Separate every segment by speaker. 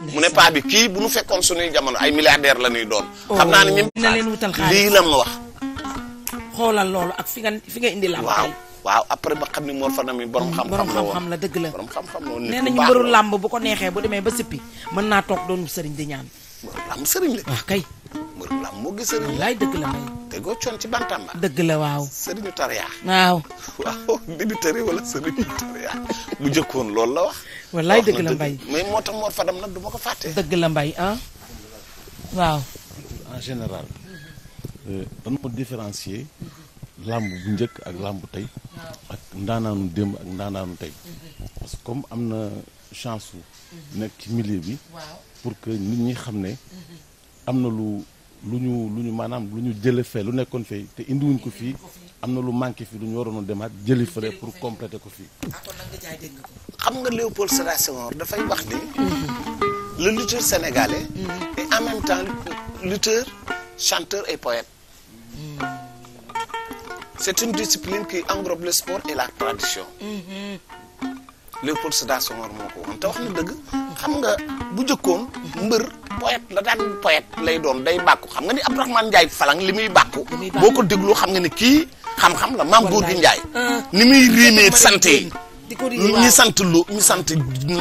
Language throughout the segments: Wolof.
Speaker 1: mu ne paa bi kii bu nu fekkoon suñuy jamono ay milliardaire la ñuy doon. xam
Speaker 2: naa ne ñun. Oh. na leen wutal xaalis lii la ma wax. xoolal loolu ak fi nga fi nga indi làmb. waaw
Speaker 1: waaw après ba xam ne Mor Fadam mi borom xam-xam la borom xam-xam
Speaker 2: la dëgg la borom xam-xam la woon nee nañu mbëru làmb bu ko neexee bu demee ba sippi mën naa toog doon sëriñ di ñaan. waaw làmb sëriñ la. waaw ah, kay. mbërum moo gis sëriñ laay dëgg la may
Speaker 1: tegoo la waaw sëriñu tariya waaw waaw didi tari njëkkoon loolu la wax wallaay dëgg la moo tax moor fadam ko fàtte dëgg la mbay ah
Speaker 3: waaw en général euh, différencier làmb bu njëkk ak làmb tey ak ndaanaanu démb ak ndaanaanu tey parce comme am na chance su nekk ci bi pour que nit ñi xam ne am na lu lu ñu lu ñu maanaam lu ñu jële fee lu nekkoon fee te indiwuñ ko fii am na lu manqué fii lu ñu waroon a demaat jëli fële pour compléter ko fii. Ah,
Speaker 1: xam nga Léopold Sédar Senghor dafay wax ni. Mhm. le lutteur sénégalais. Mhm. et en même temps lutteur chanteur et poète. Mhm. c'est une discipline qui englobe le sport et la tradition. Léopold Sédar Senghor moo ko wax na dëgg. xam nga bu njëkkoon mbër. poète la daan poète lay doon day bàkku xam nga ni Abdourahmane Ndiaye Falang li muy bàkku boo ko déglu xam nga ni kii xam-xam la maam góor gi Ndiaye ah. ni muy riimee sant yi ñi sant lu ñi sant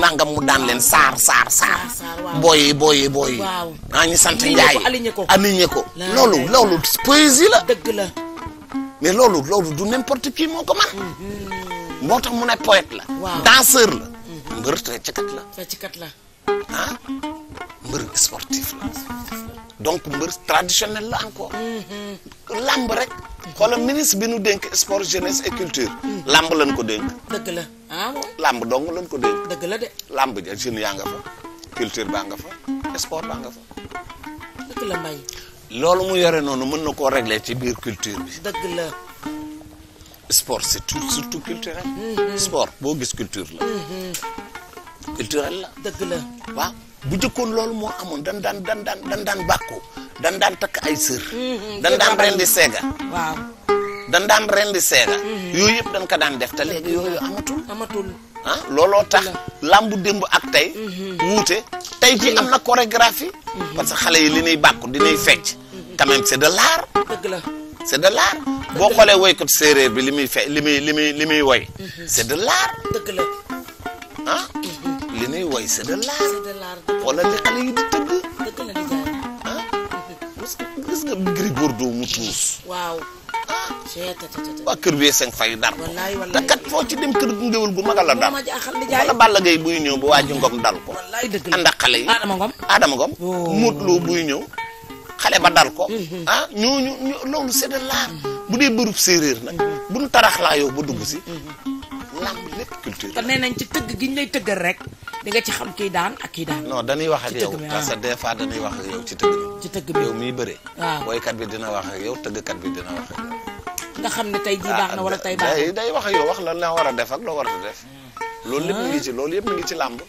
Speaker 1: nangam mu daan leen saar saar saar booyi booyi booyi ah ñi sant Ndiaye a ko loolu loolu poésie la dëgg la mais loolu loolu du n'importe qui moo ko mën mm-hmm. moo tax mu ne poète la danseur la mm-hmm. mbër feccikat la feccikat la ah. mbër sportif la donc mbër traditionnel la encore lamb rek xoolal ministre bi nu dénk sport jeunesse et culture lamb lañ ko dénk dëgg la ah lamb dong lañ ko dénk dëgg la lamb ja jeune yaa nga culture baa nga fa sport baa nga fa dëgg loolu mu yore noonu mën na koo régler ci biir culture bi dëgg la sport surtout culturel mm-hmm. sport boo gis culture la mm-hmm. culturel bu jëkkoon loolu moo amoon dan daan dan daan dan daan bàkku dan daan takk ay sër mhm, dan daan rendi seega waaw dan daan rendi seega mhm. yooyu yëpp dañ ko daan def te léegi yooyu amatul ah, looloo tax làmbu démb ak tey mhm. wute tey jii am na chorégraphie parce que xale yi li ñuy bàkku dinay fecc quand même c'est de laar dëgg la c'est de l'art boo xoolee woykat séeréer bi li muy fe li muy li muy li muy woy c'est de l'art dëgg la ah li nuy woy c'est de l'art wala li xale yi di tëgg ah gis nga Gris Bordeaux mu ah. waa kër bi seng fay dar ko te kat foo ci dem kër ngéwél gu magal la dar wala Balla Gaye buy ñëw ba waaji ngom dal ko ànd ak xale yi Adama Ngom oh. Modou buy ñëw xale ba dal ko mm-hmm. ah ñooñu loolu c'est de bu dee bërub séeréer nag mm-hmm. bu tarax laa yow ba dugg si
Speaker 2: mm-hmm. lamb lépp culture kon nee nañ ci tëgg gi ñu lay tëggal rek di nga xam kii daan ak kii daan.
Speaker 1: non wax ak yow parce que des fois dañuy wax ak yow ci tëgg bi. ci tëgg bi yow miy bëre. waaw bi dina wax ak yow tëggkat bi dina
Speaker 2: nga xam ne tey jii baax na ah, wala tey day
Speaker 1: wax ak yow wax lan la war a def ak loo war a def. Hmm. loolu lépp ngi ah. ci loolu yëpp ngi ci làmb.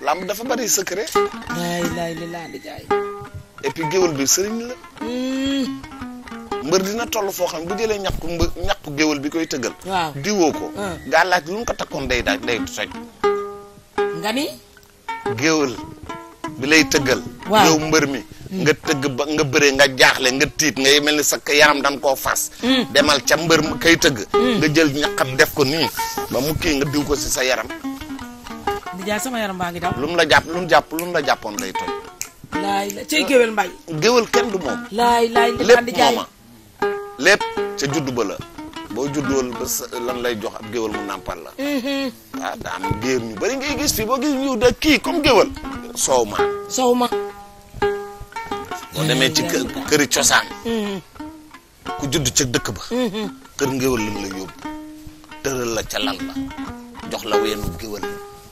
Speaker 1: làmb dafa bari secret.
Speaker 2: laay laay laa di jaay.
Speaker 1: bi sëriñ la. Hmm. mbër dina toll foo xam bu jëlee ñàkk mbë ñàkk géwél bi koy tëggal. waaw diwoo ko. Hmm. gaa laaj lu mu ko takkoon dey daaj day soj. nga ni. géwël bi lay tëggal. waaw yow mbër mi. Mm. nga tëgg ba nga bëree nga jaaxle nga tiit ngay mel ni sa yaram koo fas. Mm. demal ca mbër mi kay tëgg. Mm. nga jël ñaqam def ko nii mu kii nga diw ko si sa yaram.
Speaker 2: di sama yaram baa ngi daw. la jàpp
Speaker 1: lu mu jàpp jàppoon day toj. laay la cay géwél mbay. géwél kenn du moom. laay laay lépp mooma juddu ba la boo juddool ba lan lay jox ab géwél mu nàmpal la.
Speaker 3: Mm-hmm.
Speaker 1: waaw daan déer ñu bari nga gis fii boo gis ñu da kii comme géwal soow ma soow ma boo demee ci këri cosaan mm-hmm. ku judd ca dëkk ba mm-hmm. kër ngéwal lañ la yóbbu tëral la ca lal ba jox la weenu géwal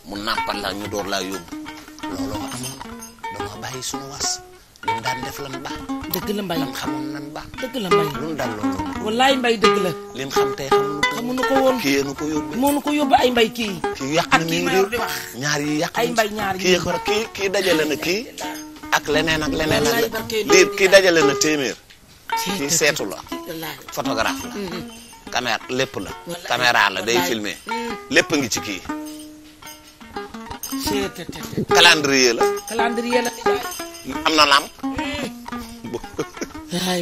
Speaker 1: mu nàppal la ñu door laa yóbbu looloo amoon dama bàyyi suñu was lu daan def lan baax dëgg la mbay lan xamoon lan baax dëgg la mbay lu daan loolu
Speaker 2: wallaay mbay dëgg la
Speaker 1: leen xam tey xamuñu ko xamuñu ko woon kii yéen ko yóbbu moo nu ko yóbbu ay mbay kii kii yàq na nii réew ñaar yi yàq ay mbay ñaar yi kii ko kii kii dajale na kii ak leneen ak leneen ak lii kii dajale na téeméer kii seetu la photographe la mm-hmm. caméra lépp la caméra la day filmer mm. lépp ngi ci kii calendrier la
Speaker 2: calendrier la am na lamp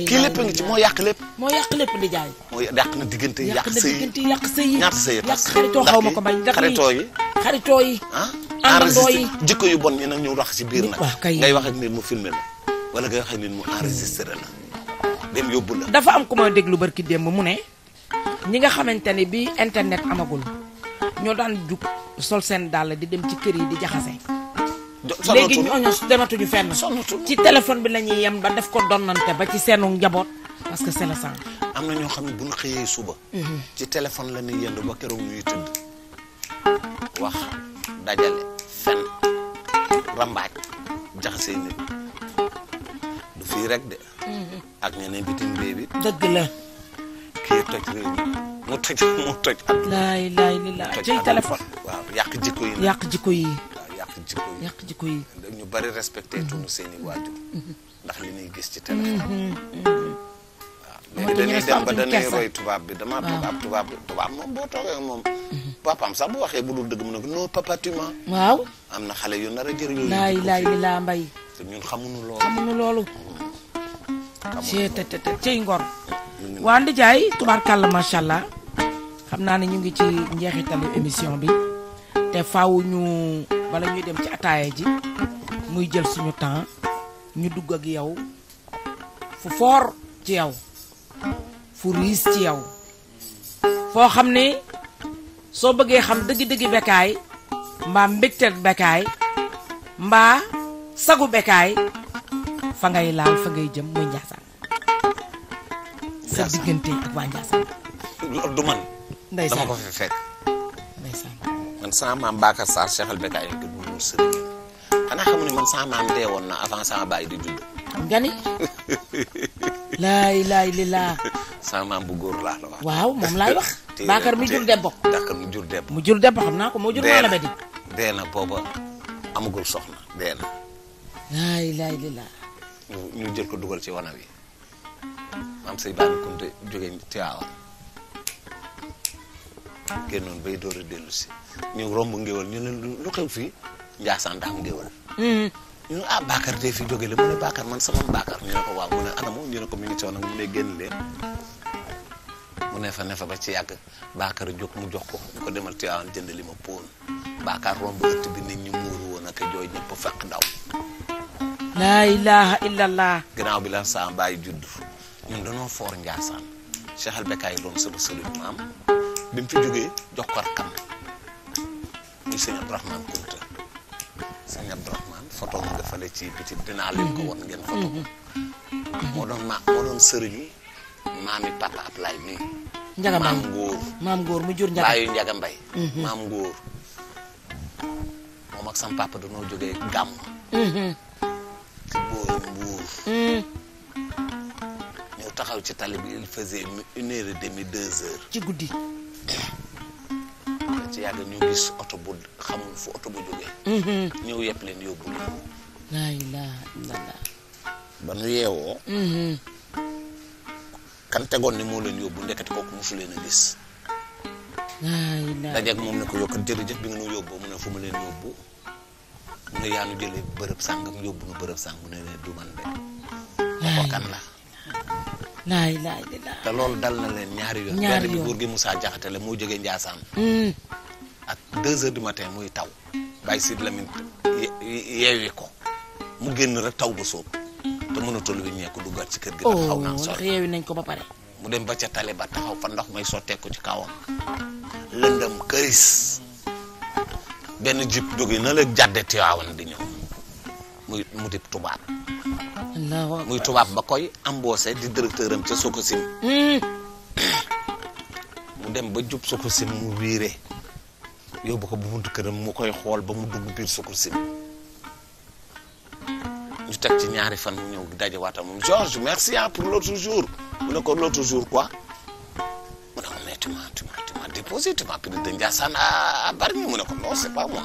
Speaker 2: kii lépp ngi ci moo yàq lépp. moo yàq lépp di jaay.
Speaker 1: moo yàq na diggante yàq sëy yi yàq sëy yi. ñaata sëy yàq xaritoo xaw ma ko bañ. ndax xaritoo yi
Speaker 2: xaritoo yi. Ah, àndandoo yi
Speaker 1: jikko yu bon ñi nag ñëw rax ci biir nag. ngay wax ak nit mu filmé la wala ngay wax ak nit mu enregistré la dem yóbbu la.
Speaker 2: dafa am ku ma déglu barki démb mu ne ñi nga xamante ne bi internet amagul ñoo daan jug sol seen dàll di dem ci kër yi di jaxase.
Speaker 1: léegi ñooñu dematuñu fenn ci téléphone
Speaker 2: bi la ñuy yem ba def ko donnante ba ci seenu njaboot
Speaker 1: parce que c'est le sang am na ñoo xam ne bu ñu xëyee suba mhm. ci téléphone la ñuy yënd ba keroog ñuy tëdd wax dajale fen rambaaj jaxasee nit du fii rek de mhm. ak ñeneen bitim réew bi dëgg la kii toj réew mu toj mu toj at laay ci téléphone yàq jikko yi jikko yi yàq ñu bari respecté mm-hmm. tuñu seen i waajur mm-hmm. ndax li ñuy gis ci téléphone mm-hmm. waaw léegi dañuy dem ba dañuy roy tubaab bi dama toog tubaab bi tubaab moom boo toogee moom papaam sax bu waxee bu dul dëgg mu ne ko non waaw am na xale yu nar a jër yooyu laay laay laa mbay te ñun xamuñu loolu xamuñu
Speaker 2: loolu cee te te ngor waa ndi jaay tubaarkàlla macha allah xam naa ne ñu ngi ci njeexitalu émission bi te faaw ñu bala ñuy dem ci ataaya ji muy jël suñu temps ñu dugg ak yow fu foor ci yow fu riis ci yow foo xam ne soo bëggee xam dëggi-dëggi bekkaay mbaa mbégte bekkaay mbaa sagu bekkaay fa ngay laal fa ngay jëm muy Njaasaan sa diggante ak waa Njaasaan du man dama ko
Speaker 1: fi fekk man sama maam Bakar Sarr Cheikh al Bekaay lañ ko dund mu sëriñ xanaa xamu ne man sama maam dee woon na avant sama baay di judd.
Speaker 2: nga ni. laay laay li laa.
Speaker 1: sama maam bu góor laa la wax.
Speaker 2: waaw moom laay wax. Bakar mu jur debbo.
Speaker 1: Bakar mu jur debbo. mu jur debbo xam naa ko moo jur. dee na maanaam di. dee na booba amagul soxna dee na.
Speaker 2: laay laay li laa.
Speaker 1: ñu jël ko dugal ci wanag yi maam Seydou Ba Kounté jógee Tiwaawan. génnoon bay door a dellu si ñu romb ngéwal ñu leen lu xew fii Njaasaan daa am ngéwal
Speaker 3: hmm. ñu ah
Speaker 1: Bakar de fi jóge la mu ne Bakar man sama Bakar ñu ne ko waaw mu ne anamu ñu ne ko mi ngi coono mu ne génn fa ne fa ba ci yàgg Bakar jóg mu jox ko ko demal Tiwaawan jënd li ma poon Bakar romb ëtt bi nit ñi muuru woon ak jooy ñëpp fekk ndaw.
Speaker 2: laa ilaha illallah.
Speaker 1: ginnaaw bi lan saa bàyyi judd ñun danoo foor Njaasaan Cheikh Albekaay loon sëlu sëlu maam. bi mu fi jógee jox ko rakkam muy sëñ Abdourahmane Kounta sëñ Abdourahmane photo mu dafa ci biti dinaa leen ko won ngeen photo moo doon ma moo doon sëriñu maami papa Ablaye maam góor mu jur njaga baayu njaga mbay mm-hmm. maam góor moom ak sam papa danoo jógee gàmm
Speaker 2: mm-hmm. ci booru mbuur mm.
Speaker 1: ñëw taxaw ci tali une heure et demie ci guddi ci yàgg ñu gis oto bu xamul fu oto bu jógee. Mhm. ñëw yepp leen yóbbu leen.
Speaker 2: laa ilaaha
Speaker 1: illallaah. ba nu yeewoo. Mhm. kan tegoon ne moo leen yóbbu ndekete kooku mosu leen gis.
Speaker 2: laa moom
Speaker 1: ne ko yokk jërëjëf bi nga nu yóbbu mu ne fu mu leen yóbbu. mu ne yaa nu jëlee bërëb sàngam yóbbu nu bërëb sàngam mu ne leen du man de. ko la.
Speaker 2: laay laay laay
Speaker 1: te loolu dal na leen ñaari yoon. ñaari yoon gi Moussa Diakhaté moo jógee Ndiassane. Mm. ak 2 heures du matin muy taw. Baye Sid Lamine yeewi ko mu génn rek taw ba soob. te mënatul wéññeeku duggaat ci kër gi. ndax xaw naa sori
Speaker 2: yeewi oh, nañ ko ba pare.
Speaker 1: mu dem ba ca tali ba taxaw fa ndox may sotteeku ci kawam. lëndëm këris. benn jib jóge na la jàdde Tiwaawan di ñëw muy mu tubaab.
Speaker 2: muy
Speaker 1: tubaab ba koy am embauché di directeur am ca Sococim. Hmm. mu dem ba jub Sococim mu wiire yóbbu ko bu buntu këram mu koy xool ba mu dugg biir Sococim ñu teg ci ñaari fan mu ñëw dajewaat moom Georges merci ah pour l'autre jour mu ne ko l'autre jour quoi ko mu ne ko non c'est mu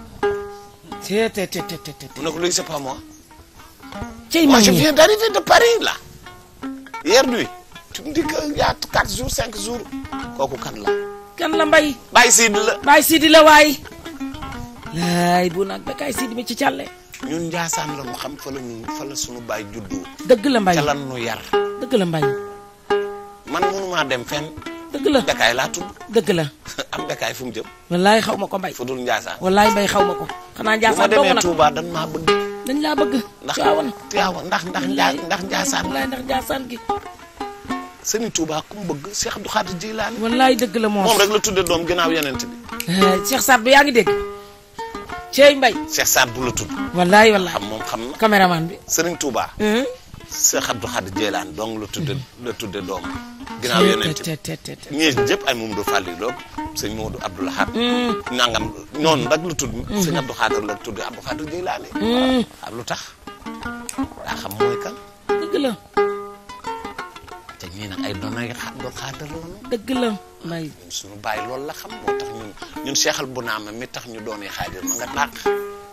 Speaker 1: ne ko léegi c'est pas moi. cey mag je viens d'arriver de Paris là hier nuit tu me dis que a quatre jours cinq jours kooku kan la kan la mbay bay Sidi la Baye
Speaker 2: Sidi la waay laay bu nag ba kaay Sidi mi ci càlle ñun Njaasaan la
Speaker 1: mu xam fa la ñu fa la sunu baay juddoo dëgg la mbay ca lan
Speaker 2: nu
Speaker 1: dem fenn dëgg la Bécaye laa tudd. dëgg la. am Bécaye fu mu jëm. wallaay xaw ma ko mbay. fu dul Ndiassane. wallaay mbay xaw ma ko. xanaa Ndiassane dong nag bu ma demee Touba dañ bëgg.
Speaker 2: dañ laa bëgg. ndax Tiwaawan ndax ndax ndax Ndiassane. wallaay ndax Ndiassane gi. sëñ Touba ku mu bëgg Cheikh Abdou Khadir Jilaani. wallaay dëgg la moom moom rek la
Speaker 1: tuddee doom ginnaaw yenent bi.
Speaker 2: Eh, Cheikh Saad bu yaa ngi dégg. Cheikh Mbaye.
Speaker 1: Cheikh Saad bu la tudd. wallaay wallaay xam moom xam na. caméraman bi sëriñ Touba. Hmm? Seex Abdu Xaadir la tudde la tudde doom
Speaker 3: ginnaaw yonent bi ñii jëpp
Speaker 1: ay Mamadou Fallilou sëñ Mamadou mm. mm. mm. lu tax xam te ñii nag ay doon ay Abdou Xaadir bàyyi loolu la xam moo tax ñun ñun seexal bu naama mi tax ñu doonee xaadir ma nga dàq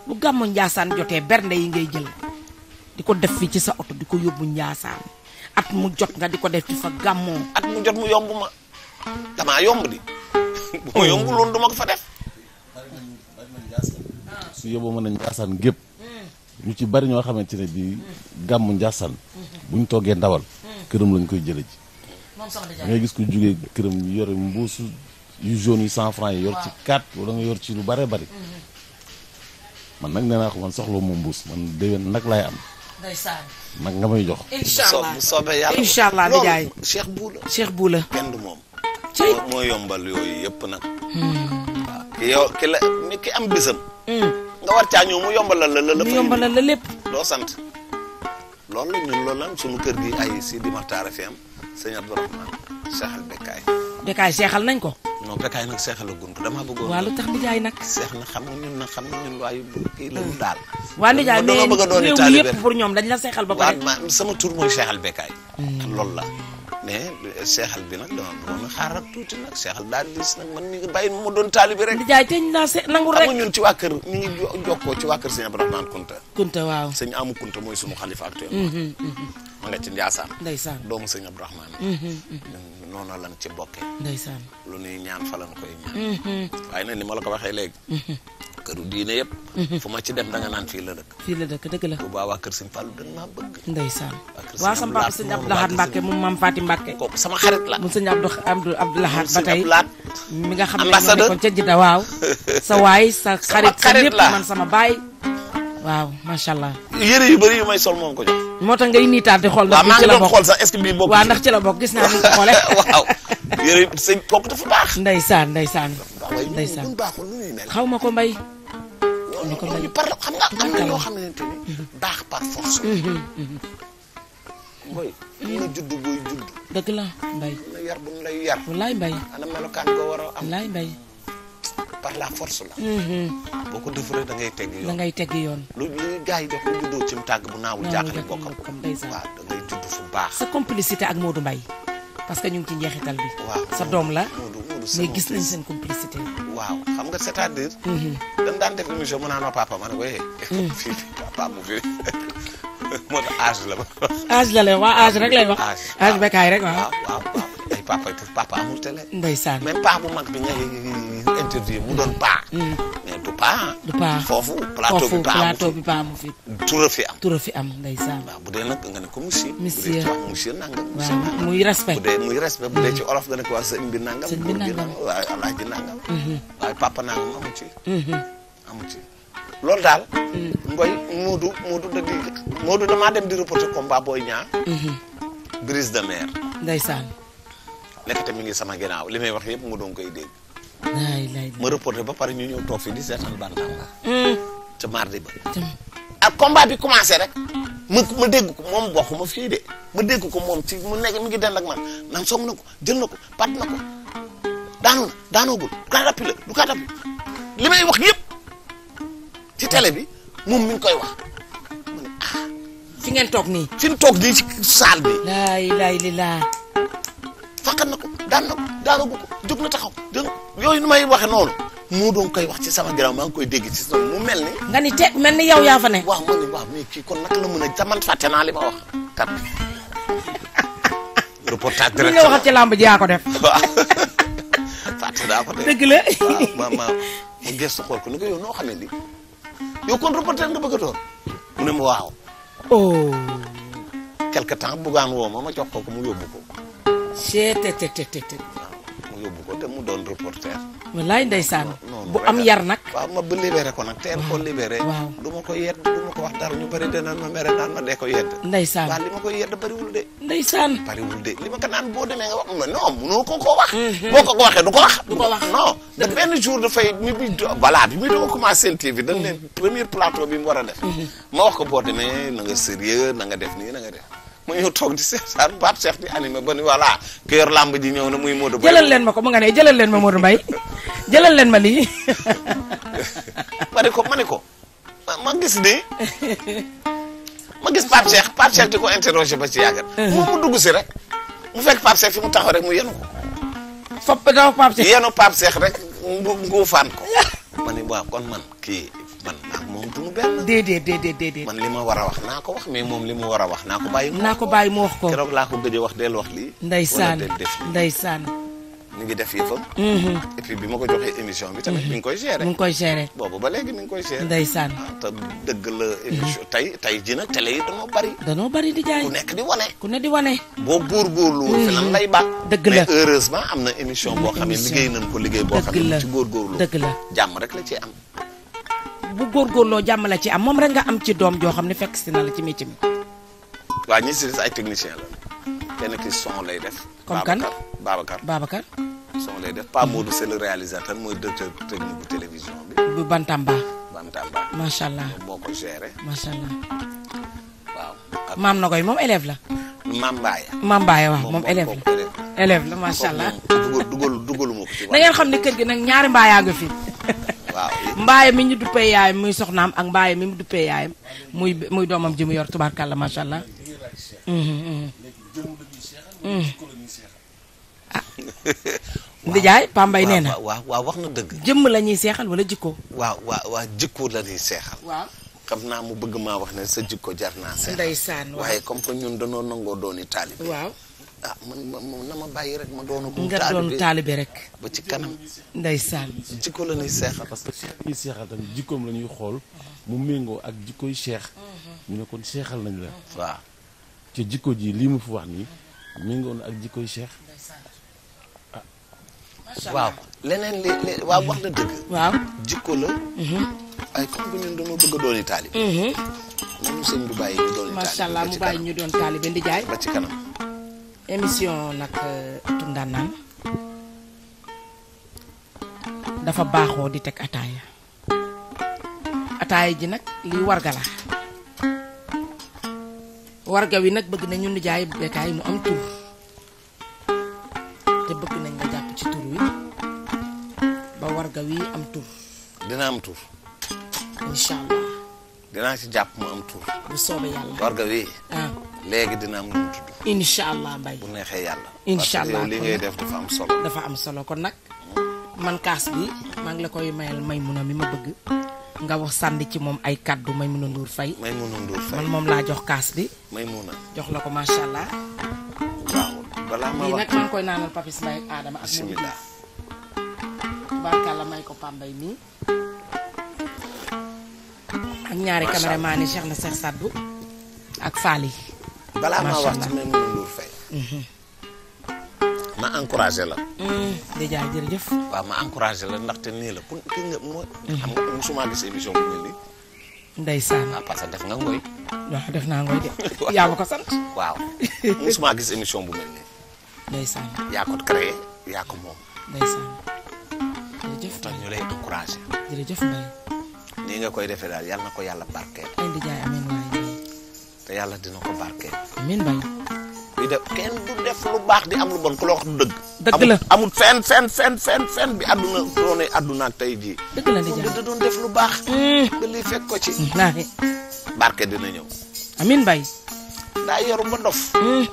Speaker 2: bu gàmmu Njaasaan jotee bernde yi ngay jël di ko def fii ci sa oto di ko yóbbu Njaasaan at mu jot nga di ko def ci fa
Speaker 3: gàmmoo
Speaker 1: at mu jot mu yomb ma damaa yomb di bu ma yombul woon ko fa def
Speaker 3: su yóbbu mën a Njaasaan gépp ñu ci bari ñoo xamante ne bi gàmmu Njaasaan bu ñu toggee ndawal këram lañ koy jële ji ngay gis ko jógee këram yore mbuusu yu jaune yu cent franc yi yor ci quatre wala nga yor ci lu bare bari mhm. man nag nee naa ko man soxla moom mbuus man déwén nag lay am ndeysaan mag nga may jox.
Speaker 1: incha allah bu soobee yàlla incha allah nijaay loolu Cheikh Boula.
Speaker 3: Cheikh Boula kenn du moom.
Speaker 1: moo yombal yooyu yëpp nag. waaw hmm. yow ki la ni ki am bisam. Hmm. nga war caa ñëw mu yombalal la la. mu yombalal la lépp. doo sant loolu la ñun loolu la sunu kër gi ay si di Maxtaar FM sëñ Abdourahmane seexal bekkaay.
Speaker 2: bekkaay seexal nañ ko.
Speaker 1: non Bécaye nag seexal a gun ko dama bëggoon. waaw lu tax nijaay nag. seex na a nga ñun nag xam nga ñun waayu kii la ñu hmm. daal. waaw nijaay mais réew mi yëpp pour ñoom dañ la seexal hmm. la mais seexal bi nag dama bëggoon a xaar rek tuuti nag seexal daal dis nag man ñu ngi bàyyi mu doon taalibi rek. nijaay teñ naa se nangu rek xam nga ñun ci waa kër ñu ngi jokkoo ci waa kër sëñ Abdourahmane Kunta. Kunta waaw sëñ Amu Kunta mooy sunu xalifa actuellement. Hmm, ma nga ci Ndiassane. doomu sëñ Abdourahmane noona lan ci bokke ndeysaan lu nuy ñaan mm-hmm. la ko waxee léegi mm-hmm. këru diine yëpp mm-hmm. fu ma ci dem da nga naan fii la dëkk
Speaker 2: fii la dëkk dëgg la
Speaker 1: Tuubaa waa kër Sëñ Fallu dañ maa bëgg ndeysaan waaw sama papa sëñ Abdou Lahad Mbacke
Speaker 2: moom maam Fatim Mbacke kooku sama la mu sëñ Abdou Abdou Abdou Lahad ba sa waay sa xarit sa lépp man sama baay waaw macha allah
Speaker 1: yére yu bëri yu may sol moom ko jox
Speaker 2: moo tax ngay niitaat di xool ndax ci la bokk waaw xool sax est-ce que
Speaker 1: ndax ci la bokk gis naa ni nga ko dafa baax.
Speaker 2: ndeysaan ndeysaan. ndeysaan xaw ma ko mbay. ñu ko mbay par
Speaker 1: na ñoo xamante ni mhm. baax par force. mooy mhm, mhm, am dëgg la mbay. na yar bu ñu am. wallaay mbay. par la force la. Mm-hmm. boo ko defaree da ngay tegg yoon da ngay tegg lu li gars yi def cim tàgg bu naawul. jaaxle bokkam waaw da ngay judd fu baax. sa
Speaker 2: complicité ak Modou Mbaye parce que ñu ngi ci sa doom la. mais gis nañ seen complicité.
Speaker 1: waaw xam nga c'est-à-dire. Mm-hmm. dañ daan papa ma ne ko eh. Mm. moo tax âge la ba. âge la la waaw âge rek lay wax.
Speaker 2: âge waaw âge rek
Speaker 1: waaw. papa papa amul télé.
Speaker 2: ndeysaan même
Speaker 1: paa bu mag bi ngay euh, interview mu doon paa. Mm. mais du paa. du paa foofu plateau bi paa plateau bi paa mu fi. tura fi am
Speaker 2: tura fi am ndeysaan.
Speaker 1: waaw bu dee nag nga ne ko monsieur. monsieur bu dee ci wax monsieur nangam. monsieur nangam muy respect. bu dee muy respect bu dee ci mm. olof nga ne ko waa sëñ bi nangam. sëñ bi nangam waaye alaaji nangam. Mm-hmm. waaye papa nangam amu ci. Mm-hmm. amu ci. loolu daal. Mm. ngoy Moodu Moodu da di Moodu damaa dem di reporter combat booy ñaar. Mm-hmm. brise de mer. ndeysaan. nekkate mi ngi sama ginnaaw li may wax yëpp mu doon koy dégg. ma reporté ba pare ñu ñëw toog fii di seetaan Bantamba. Hmm. ca mardi ba. ak ah, combat bi commencé rek. ma ma dégg ko moom bokkuma fii de ma dégg ko moom ci mu nekk mi ngi dend ak man naan song na ko jël na ko pat na ko daanu na daanoogul du kaa rappi la du kaa rappi li may wax yëpp ci télé bi moom mi ngi koy wax ma ne
Speaker 2: ah. fi ngeen toog nii. fi mu toog nii ci salle bi. laay laay li laa.
Speaker 1: faqat na ko daan na ko daanagu na taxaw dégg yooyu nu may waxe noonu mu doon koy wax ci sama ginnaaw maa ngi koy dégg ci sama mu mel ni nga
Speaker 2: ni teg mel ni yow yaa fa ne waaw
Speaker 1: ma ni waaw mais kii kon naka la mën a taman fàtte naa li ma wax kat reportage direct nga waxal ci làmb ji yaa ko def waaw fàtte daa ko def dëgg la ma ma ma gestu xool ko ni ko yow noo xamee lii yow kon reportage nga bëgg mu ne ma waaw oh quelque temps buggaan woo ma ma jox ko mu yóbbu ko
Speaker 2: seete te te te te.
Speaker 1: mu yóbbu ko te mu doon reporter.
Speaker 2: wallaay ndeysaan.
Speaker 1: bu am yar nag. waaw ma ba libéré ko nag. teel ko libéré. waaw du ko yedd du ma ko wax dara ñu bëri danañ ma mere naan ma dee ko yedd. ndeysaan waaw li ma de. ndeysaan bëriwul de li ma ko naan boo demee nga wax ma non munoo ko koo wax. Mhm. boo ko ko waxee du ko wax. du ko wax non. da benn jour dafay mi bi voilà bi mi doo commencé seen TV dañ leen mhm. premier plateau bi mu war a def. Mhm. ma wax ko boo demee na nga sérieux na nga def n na nga mu ñëw toog di seetaan Pape Cheikh di animé ba ni voilà ki yor làmb ji ñëw na muy Modou Mbaye. jëlal leen
Speaker 2: ma ko mu nga ne leen ma Modou leen ma lii.
Speaker 1: ma ko ma ne ko ma gis ni ma gis Pape Cheikh Pape Cheikh di ko interroger ba ci yàggat. Uh-huh. moom mu dugg si rek mu fekk Pape Cheikh fi mu taxaw rek mu yenu ko. fop dafa Pape Cheikh yenu rek mu ko. ma ne kon man kii man moom duñu li ma war a wax naa ko wax mais moom li mu war a wax naa ko bàyyi. naa ko bàyyi mu wax ko keroog laa ko gëj a wax del wax lii. ndeysaan ndeysaan ngi def yëfam. Mhm. et bi ma ko joxee émission bi tamit mhm. mi ngi koy gérer. mi koy gérer boobu ba léegi mi koy gérer. ndeysaan ah, te dëgg la mhm. tey tey jii nag télé yi danoo bari. danoo bari nekk di wane. ku ne di wane. boo góor woon fi lan lay baax. dëgg la mais am na émission boo xam ne liggéey nañ ko liggéey boo xam ne ci góorgóorlu. dëgg la jàmm rek la ci am.
Speaker 2: bu góorgóorloo jàmm la ci am moom rek nga am ci doom joo xam ne fekk si na la ci métier mi.
Speaker 1: waaw ñi si des ay technicien la kenn ki son lay def. comme kan Babacar Babacar. son lay def Pa Modou c'est réalisateur mooy directeur technique bu télévision
Speaker 2: bi. bu Bantamba.
Speaker 1: Bantamba macha allah moo ko macha allah waaw.
Speaker 2: maam na koy moom élève la. maam Mbaye. maam Mbaye waaw moom élève
Speaker 1: la élève la macha allah. dugal dugal dugaluma ko ci.
Speaker 2: na ngeen xam ne kër gi nag ñaari mbaayaa nga fi. waaw mbaaye mi ñu duppee yaayam muy soxnaam ak mbaaye mi mu duppee yaayam muy muy doomam ji mu yor tubaarkàlla macha allah. Mm-hmm, mm-hmm.
Speaker 3: mm-hmm.
Speaker 1: ah. Ndijaay Pambay nee na waaw waaw wax na dëgg.
Speaker 2: jëmm la ñuy seexal wala jikko.
Speaker 1: waaw waaw waaw jikko la ñuy seexal. waaw. xam naa mu bëgg maa wax ne sa jikko jar naa seexal. ndeysaan waaye comme que ñun danoo nangoo dooni taalibe. Ah, ma man na ma bàyyi rek ma doonu ko nga doon taalibe
Speaker 3: rek ba ci kanam ndeysaan jikko la ñuy seexal parce que cheikh ñuy seexal tamit jikkoom la ñuy xool mu méngoo ak jikkoy cheikh ñu ne kon seexal waaw jikko ji lii mu ak jikkoy cheikh waaw leneen li li waaw wax na dëgg waaw
Speaker 1: jikko la mhm. ay comme que ñun dañoo bëgg a dooni taalibe moom sëñ bi bàyyi ñu
Speaker 2: allah mu bàyyi ñu doon taalibe ndi jaay émission nag euh, tu dafa baaxoo di teg ataaya ataaya ji nag lii warga la warga wi nag bëgg na ñu jaay bétail mu am tur te bëgg nañ nga jàpp ci tur wi ba warga wi am tur dina am tur incha allah
Speaker 1: dinaa ci jàpp mu am tur
Speaker 2: bu soobee yàlla
Speaker 1: warga wi ah. léegi dina am lu mu
Speaker 2: tudd. incha allah mbay bu
Speaker 1: neexee yàlla. incha allah li ngay def dafa am solo.
Speaker 2: dafa am solo kon nag man kaas bi maa ngi la koy mayal Maymuna mi ma bëgg nga wax sànni ci moom ay kaddu may Ndour a Maymuna Ndour Faye man moom laa jox kaas bi. Maymuna jox la ko macha allah.
Speaker 1: waaw balaa nag maa
Speaker 2: ngi koy naanal Papis Mbaye Adama ak moom may ko Pambay mii. ak ñaari caméraman yi Cheikh na Cheikh Sadou ak Faly. balaa maa wax ci Maimouna
Speaker 1: Ndour Faye mm-hmm. ma encouragé la.
Speaker 2: Mm-hmm. déjà
Speaker 1: ma encouragé la ndaxte nii la pour ki nga xam nga mm-hmm. musuma ah, parce que def nga ngoy.
Speaker 2: waaw def naa ngoy de.
Speaker 1: waaw musuma gis émission bu mel nii. ndeysaan. yaa ko créé yaa ko moom. ndeysaan. jërëjëf tax ñu lay encouragé. jërëjëf Mbaye. nii nga koy defee daal yàlla na ko yàlla barkeel.
Speaker 2: ay ndijaay
Speaker 1: te yàlla dina ko barke amiin bay. di def lu baax di am lu bon ku la dëgg. dëgg la amul fenn bi àdduna àdduna tey jii. dëgg la di da doon def lu baax. Hmm. ba lii fekk ko ci. barke dina ñëw.
Speaker 2: amiin bay. daa
Speaker 1: yoru ba dof. Hmm.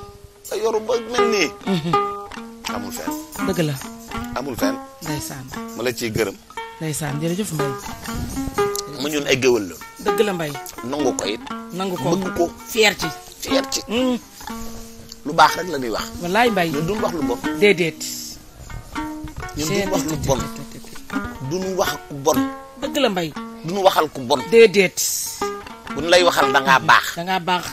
Speaker 1: da yoru ba mel nii. Hmm. amul fenn. dëgg la. amul fenn. ndeysaan. ma la ciy gërëm.
Speaker 2: ndeysaan jërëjëf Mbaye.
Speaker 1: mu ñun ay géwël la. dëgg la Mbaye. nangu ko nangu ko
Speaker 2: bëgg ko fier ci hmm. lu baax rek la ñuy wax wallaay mbay ñun wax lu bon déedéet ñun duñ wax lu bon duñu wax ku
Speaker 1: bon dëgg la mbay duñu waxal ku bon déedéet buñ lay waxal da baax da ngaa baax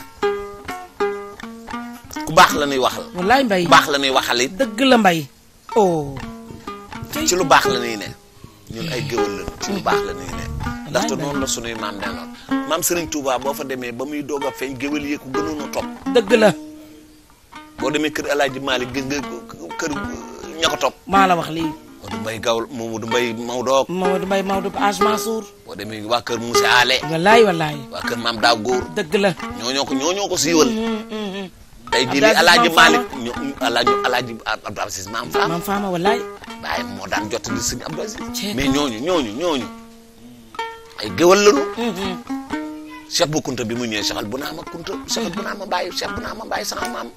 Speaker 1: ku baax la ñuy waxal wallaay mbay baax la ñuy waxal it
Speaker 2: dëgg la mbay oh
Speaker 1: ci lu baax la ñuy ne ñun ay géwël la ci lu baax la ñuy ndaxte noonu la sunuy maam deloon maam Serigne Touba boo fa demee ba muy doo a feeñ géwél yee ko topp dëgg la boo demee kër Alaaji Maalik gis nga kër ña ko topp maa la wax lii Maodo Mbaye Gawl Maodo Mbaye Maodo Maodo Mbaye Maodo Age Mansour boo demee waa kër wallaay wallaay waa kër maam Daaw Góor dëgg la ñoo ñoo ko ñoo ñoo ko siiwal
Speaker 2: mm, mm, mm,
Speaker 1: tey maam Fama wallaay bàyyi moo daan jot li sëñ Abdou Aziz mais ñooñu ñooñu ñooñu ay géwal lañu. Mm-hmm. Cheikh bu Kunta bi mu ñëwee Cheikh Albunaama Kunta. Cheikh Albunaama Mbaye Cheikh Albunaama Mbaye sama maam.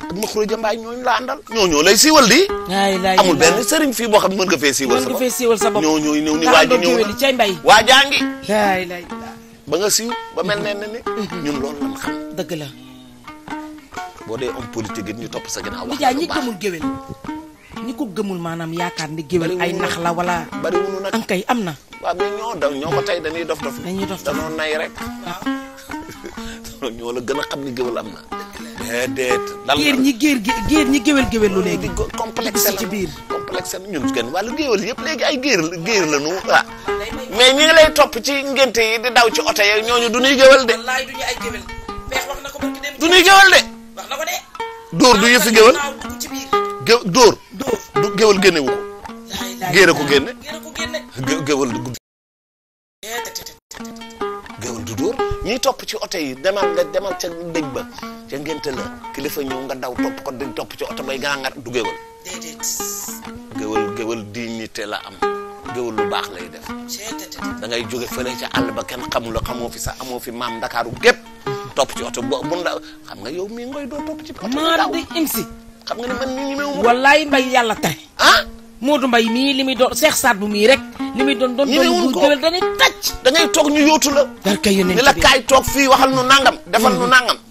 Speaker 1: ak ma xureja ñoo ñooñu la àndal. ñooñoo lay siiwal di. amul benn sëriñ fii boo xam ne mën nga fee siiwal. mën nga fee sa bopp ñooñoo ñëw ni waa ji ñëw na waa jaa ngi. ba nga siiw ba mel ne ni. Mm-hmm. ñun loolu xam. dëgg la. boo dee homme politique ñu topp sa a wax dëgg ñi gëmul géwél
Speaker 2: ñu ko gëmul maanaam yaakaar ni géwél ay nax la wala. bariwul nag ankay am na
Speaker 1: waaw mais ñoo daw ñoo ko tey dañuy dof dof dañuy dof danoo nay rek waaw ñoo la gën a xam ni géwél am na déedéet dal ñi géer géer ñi géwél géwél lu léegi complexe la ci biir complexe la ñun kenn wàllu géwél yëpp léegi ay géer géer la nu ah. mais ñi ngi topp ci ngénte yi di ci oto yi ñooñu du ñuy géwél de wallaay du ñu ay géwél ñuy géwél de wax na ko de dóor du yëfi géwél ci dóor du géwél génnewu ko géer ko génne géwal du géwal du dóor ñiy topp ci oto yi demal nga demal ca dëj ba ca ngénte la kilifa ñëw nga daw topp ko dañ topp ci oto bay nga nga du géwal déedéet géwal géwal dignité la am géwal lu baax lay def dangay ngay jóge fële ca àll ba kenn xamul xamoo fi sax amoo fi maam ndakaaru gépp topp ci oto bu ndaw xam nga yow mii ngoy doo topp ci oto maar di
Speaker 2: imsi xam nga
Speaker 1: ne man ñu ñemewu
Speaker 2: wallaay mbay yàlla tay ah Modou Mbaye mii li muy doon seex Saad bu mii rek li muy doon doon doon géwél dañuy tàcc da ngay toog ñu yóotu la. darka yéen a la kaay toog fii waxal nu nangam. defal nu mm. nangam.